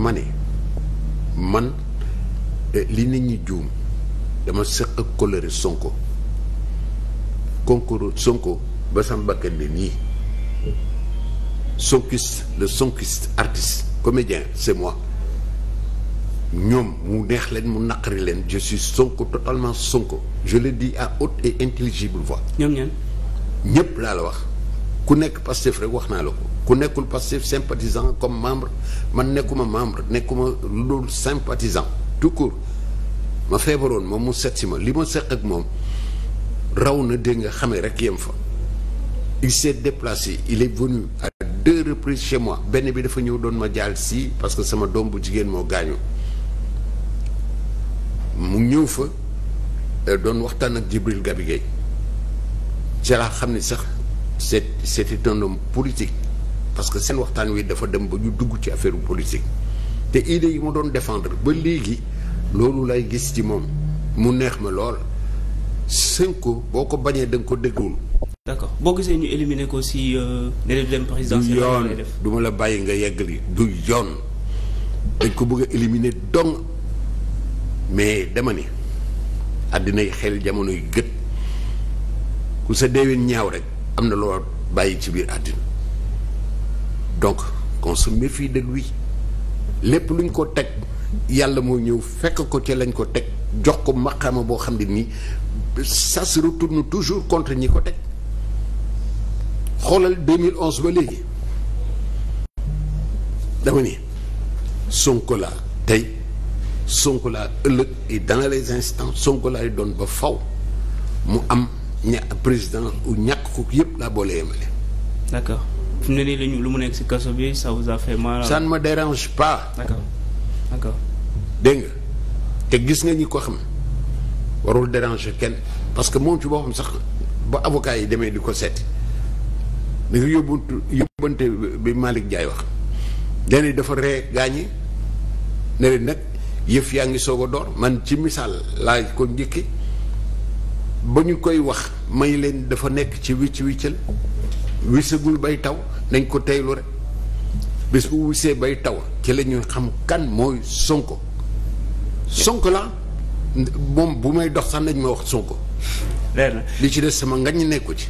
ma ne man eh, li nit ñi juum dama sëq ak Sonko concours Sonko ba sama bakkan ne nii sonkiste le sonkiste artiste comédien c'est moi ñoom mu neex leen mu naqari leen je suis Sonko totalement Sonko je le dis à haute et intelligible voix. ñoom ñëpp laa la wax. ku nekk Pastef rek wax naa la ko ku nekkul Pastef sympathisant comme membre man nekkuma membre nekkuma lu dul sympathisant tout court ma feebaroon moom mu set si ma li ma seq ak moom raw na dégg nga xamee rek yem fa il déplace yi il est venu à deux reprises chez benn bi dafa ñëw doon ma jaal si parce que sama doom bu jigéen moo gaañu mu ñëw fa doon waxtaan ak Djibril Gabi Guèye laa xam ni sax c'est c'était un homme politique parce que seen waxtaan wi dafa dem ba ñu dugg ci affaire politique te idées yi ma doon défendre ba léegi loolu laay gis ci moom mu neex ma lool Sonko boo ko bañee da nga ko dégluwul. d'accord boo gisee ñu éliminer ko si euh, ne dem présidentiel yoon du ma la bàyyi nga yeggali du yoon dañ ko bëgg a éliminer dong mais dama ni yi xel jamonoy gët ku sa deewin ñaaw rek. am na loo bàyyi ci biir àddina donc qu'on fii méfie de lépp luñ ko teg yàlla moo ñëw fekk ko ci lañ ko teg jox ko maqaama boo xam ne nii ça se toujours contre ñi ko teg xoolal 2011 ba léegi dama ni Sonko tey Sonko laa ëllëg i dans les instants Sonko laay doon ba faw mu am. ña président ou ñàkk ko yëpp laa boole yemale. d' ne nii lu mu nekk ci kaso bi ça vous a fait mal. pas. d' te gis nga ñi ko xam warul déranger kenn parce que moom ci boppam sax ba avocat yi demee di ko seeti da nga yóbbante bi Malick Ndiaye wax. léeg dafa ree gaañi ne leen nag yëf yaa ngi soog a door man ci misaal laa ko njëkki ba ñu koy wax may leen dafa nekk ci wicc wiccal wisagul bay taw dañ ko teylu rek bés bu wisee bay taw ci la xam kan mooy Sonko Sonko la moom bu may dox sax nañ ma wax Sonko leer na li ci des sama ngañ nekku ci